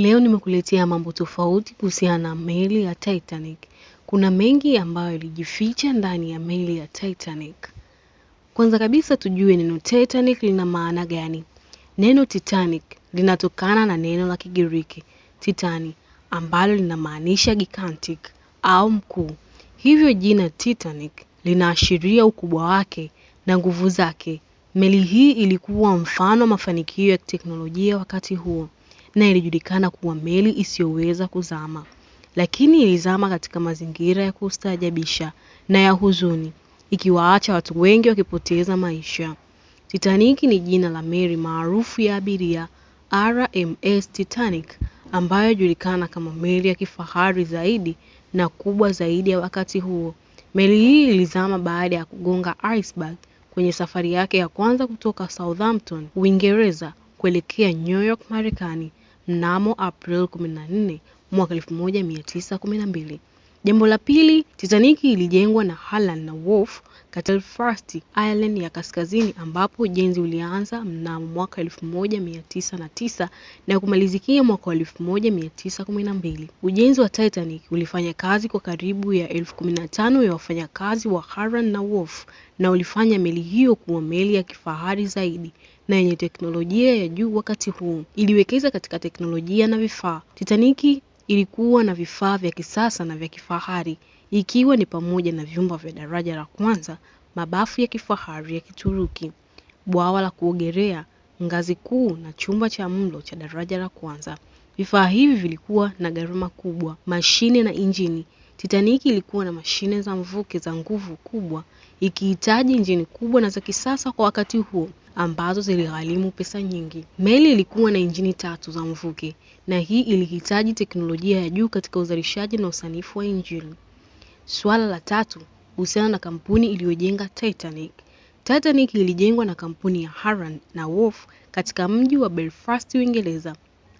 Leo nimekuletea mambo tofauti kuhusiana na meli ya Titanic. Kuna mengi ambayo yalijificha ndani ya meli ya Titanic. Kwanza kabisa tujue neno Titanic lina maana gani? Neno Titanic linatokana na neno la Kigiriki Titani ambalo linamaanisha gigantic au mkuu. Hivyo jina Titanic linaashiria ukubwa wake na nguvu zake. Meli hii ilikuwa mfano wa mafanikio ya teknolojia wakati huo na ilijulikana kuwa meli isiyoweza kuzama, lakini ilizama katika mazingira ya kustaajabisha na ya huzuni, ikiwaacha watu wengi wakipoteza maisha. Titanic ni jina la meli maarufu ya abiria RMS Titanic ambayo julikana kama meli ya kifahari zaidi na kubwa zaidi ya wakati huo. Meli hii ilizama baada ya kugonga iceberg kwenye safari yake ya kwanza kutoka Southampton, Uingereza kuelekea New York, Marekani mnamo April 14 mwaka 1912. Jambo la pili, Titanic ilijengwa na Harland na Wolff katika Belfast, Ireland ya Kaskazini ambapo ujenzi ulianza mnamo mwaka 1909 na kumalizikia mwaka 1912. Ujenzi wa Titanic ulifanya kazi kwa karibu ya elfu kumi ya wafanyakazi wa Harland na Wolff na ulifanya meli hiyo kuwa meli ya kifahari zaidi na yenye teknolojia ya juu wakati huu. Iliwekeza katika teknolojia na vifaa. Titanic ilikuwa na vifaa vya kisasa na vya kifahari, ikiwa ni pamoja na vyumba vya daraja la kwanza, mabafu ya kifahari ya Kituruki, bwawa la kuogelea, ngazi kuu na chumba cha mlo cha daraja la kwanza. Vifaa hivi vilikuwa na gharama kubwa. Mashine na injini. Titanic ilikuwa na mashine za mvuke za nguvu kubwa, ikihitaji injini kubwa na za kisasa kwa wakati huo ambazo ziligharimu pesa nyingi. Meli ilikuwa na injini tatu za mvuke, na hii ilihitaji teknolojia ya juu katika uzalishaji na usanifu wa injini. swala la tatu husiana na kampuni iliyojenga Titanic. Titanic ilijengwa na kampuni ya Harland na Wolff katika mji wa Belfast, Uingereza.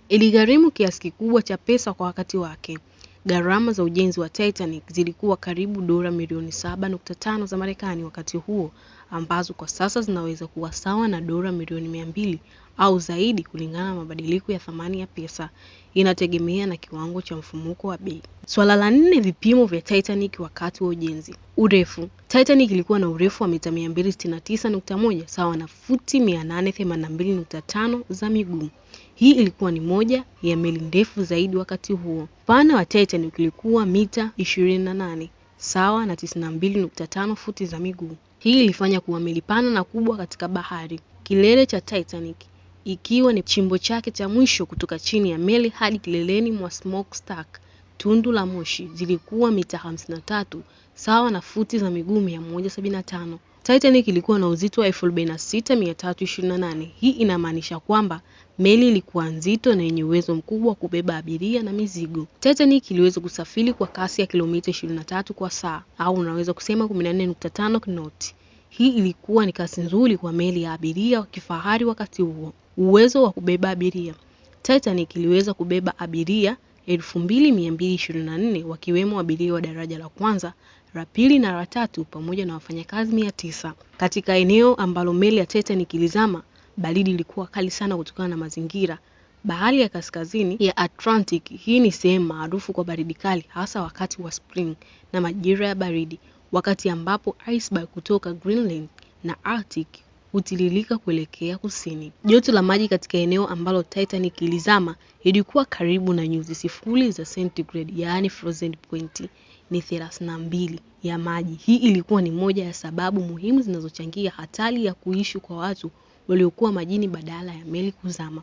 Iligharimu kiasi kikubwa cha pesa kwa wakati wake. Gharama za ujenzi wa Titanic zilikuwa karibu dola milioni 7.5 za Marekani wakati huo ambazo kwa sasa zinaweza kuwa sawa na dola milioni mia mbili au zaidi kulingana na mabadiliko ya thamani ya pesa, inategemea na kiwango cha mfumuko wa bei. Swala la nne, vipimo vya Titanic wakati wa ujenzi. Urefu: Titanic ilikuwa na urefu wa mita 269.1 sawa na futi 882.5 za miguu. Hii ilikuwa ni moja ya meli ndefu zaidi wakati huo. pana wa Titanic ilikuwa mita 28 sawa na 92.5 futi za miguu. Hii ilifanya kuwa pana na kubwa katika bahari, kilele cha Titanic ikiwa ni chimbo chake cha mwisho kutoka chini ya meli hadi kileleni mwa smokestack. Tundu la moshi zilikuwa mita 53 sawa na futi za miguu 175. Titanic ilikuwa na uzito wa 46328. Hii inamaanisha kwamba meli ilikuwa nzito na yenye uwezo mkubwa wa kubeba abiria na mizigo. Titanic iliweza kusafiri kwa kasi ya kilomita 23 kwa saa au unaweza kusema 14.5 knot. Hii ilikuwa ni kasi nzuri kwa meli ya abiria wa kifahari wakati huo. Uwezo wa kubeba abiria. Titanic iliweza kubeba abiria 2224 wakiwemo abiria wa daraja la kwanza la pili na la tatu pamoja na wafanyakazi mia tisa katika eneo ambalo meli ya Titanic ilizama. Baridi ilikuwa kali sana kutokana na mazingira. Bahari ya kaskazini ya Atlantic hii ni sehemu maarufu kwa baridi kali, hasa wakati wa spring na majira ya baridi, wakati ambapo iceberg kutoka Greenland na Arctic hutililika kuelekea kusini. Joto la maji katika eneo ambalo Titanic ilizama ilikuwa karibu na nyuzi sifuri za centigrade, yaani frozen point ni thelathini na mbili ya maji. Hii ilikuwa ni moja ya sababu muhimu zinazochangia hatari ya kuishi kwa watu waliokuwa majini badala ya meli kuzama.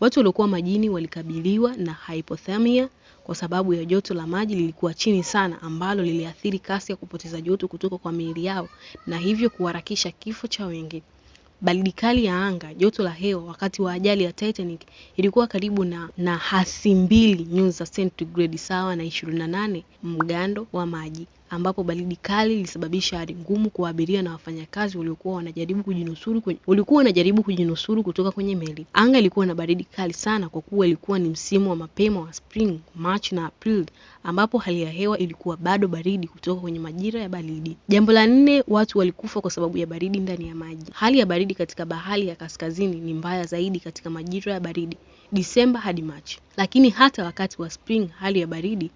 Watu waliokuwa majini walikabiliwa na hypothermia kwa sababu ya joto la maji lilikuwa chini sana, ambalo liliathiri kasi ya kupoteza joto kutoka kwa miili yao na hivyo kuharakisha kifo cha wengi. Baridi kali ya anga, joto la hewa wakati wa ajali ya Titanic ilikuwa karibu na, na hasi mbili nyuzi za centigrade sawa na 28 mgando wa maji ambapo baridi kali lilisababisha hali ngumu kwa abiria na wafanyakazi waliokuwa wanajaribu kujinusuru kwenye, walikuwa wanajaribu kujinusuru kutoka kwenye meli. Anga ilikuwa na baridi kali sana kwa kuwa ilikuwa ni msimu wa mapema wa spring, March na April, ambapo hali ya hewa ilikuwa bado baridi kutoka kwenye majira ya baridi. Jambo la nne, watu walikufa kwa sababu ya baridi ndani ya maji. Hali ya baridi katika bahari ya kaskazini ni mbaya zaidi katika majira ya baridi, Disemba hadi Machi, lakini hata wakati wa spring hali ya baridi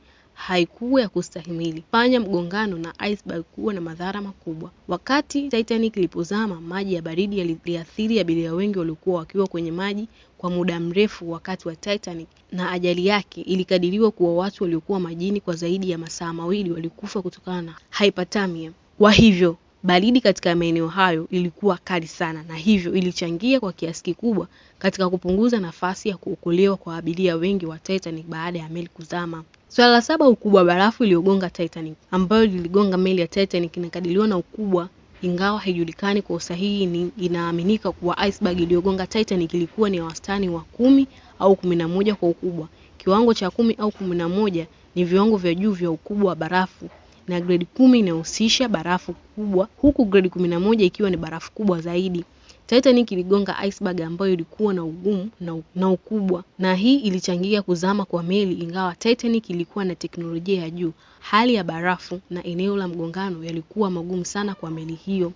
haikuwa ya kustahimili fanya mgongano na iceberg kuwa na madhara makubwa. Wakati Titanic ilipozama, maji ya baridi yaliathiri abiria wengi waliokuwa wakiwa kwenye maji kwa muda mrefu wakati wa Titanic, na ajali yake ilikadiriwa kuwa watu waliokuwa majini kwa zaidi ya masaa mawili walikufa kutokana na hypothermia. Kwa hivyo baridi katika maeneo hayo ilikuwa kali sana, na hivyo ilichangia kwa kiasi kikubwa katika kupunguza nafasi ya kuokolewa kwa abiria wengi wa Titanic baada ya meli kuzama. Swala la saba, ukubwa barafu iliyogonga Titanic, ambayo liligonga meli ya Titanic inakadiriwa na ukubwa ingawa haijulikani kwa usahihi ni inaaminika kuwa iceberg iliyogonga Titanic ilikuwa ni wastani wa kumi au kumi na moja kwa ukubwa. Kiwango cha kumi au kumi na moja ni viwango vya juu vya ukubwa wa barafu na grade kumi inahusisha barafu kubwa huku grade kumi na moja ikiwa ni barafu kubwa zaidi. Titanic iligonga iceberg ambayo ilikuwa na ugumu na, na ukubwa na hii ilichangia kuzama kwa meli ingawa Titanic ilikuwa na teknolojia ya juu. Hali ya barafu na eneo la mgongano yalikuwa magumu sana kwa meli hiyo.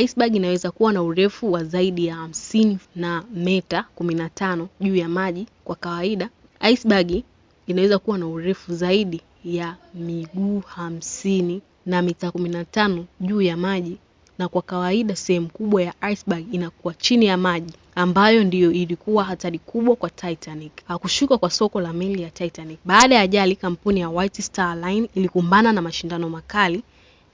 Iceberg inaweza kuwa na urefu wa zaidi ya hamsini na meta 15 juu ya maji. Kwa kawaida, iceberg inaweza kuwa na urefu zaidi ya miguu hamsini na mita 15 juu ya maji na kwa kawaida sehemu kubwa ya iceberg inakuwa chini ya maji ambayo ndiyo ilikuwa hatari kubwa kwa Titanic. Hakushuka kwa soko la meli ya Titanic. Baada ya ajali, kampuni ya White Star Line ilikumbana na mashindano makali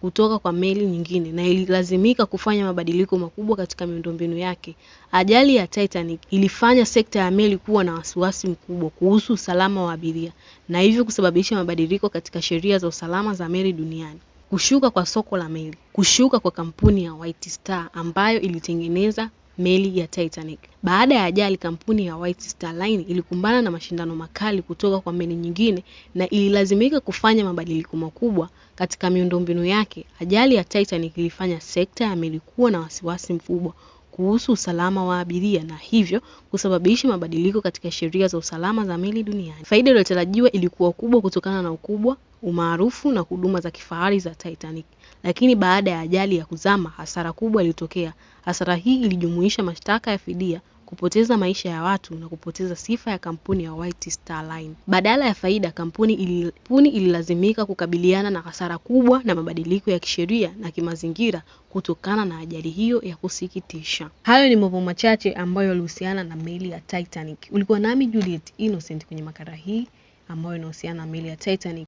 kutoka kwa meli nyingine na ililazimika kufanya mabadiliko makubwa katika miundombinu yake. Ajali ya Titanic ilifanya sekta ya meli kuwa na wasiwasi mkubwa kuhusu usalama wa abiria na hivyo kusababisha mabadiliko katika sheria za usalama za meli duniani kushuka kwa soko la meli, kushuka kwa kampuni ya White Star ambayo ilitengeneza meli ya Titanic. Baada ya ajali, kampuni ya White Star Line ilikumbana na mashindano makali kutoka kwa meli nyingine na ililazimika kufanya mabadiliko makubwa katika miundombinu yake. Ajali ya Titanic ilifanya sekta ya meli kuwa na wasiwasi mkubwa kuhusu usalama wa abiria na hivyo kusababisha mabadiliko katika sheria za usalama za meli duniani. Faida iliyotarajiwa ilikuwa kubwa kutokana na ukubwa, umaarufu na huduma za kifahari za Titanic. Lakini baada ya ajali ya kuzama, hasara kubwa ilitokea. Hasara hii ilijumuisha mashtaka ya fidia kupoteza maisha ya watu na kupoteza sifa ya kampuni ya White Star Line. Badala ya faida, kampuni ili, ililazimika kukabiliana na hasara kubwa na mabadiliko ya kisheria na kimazingira kutokana na ajali hiyo ya kusikitisha. Hayo ni mambo machache ambayo yalihusiana na meli ya Titanic. Ulikuwa nami Juliet Innocent kwenye makala hii ambayo inahusiana na meli ya Titanic.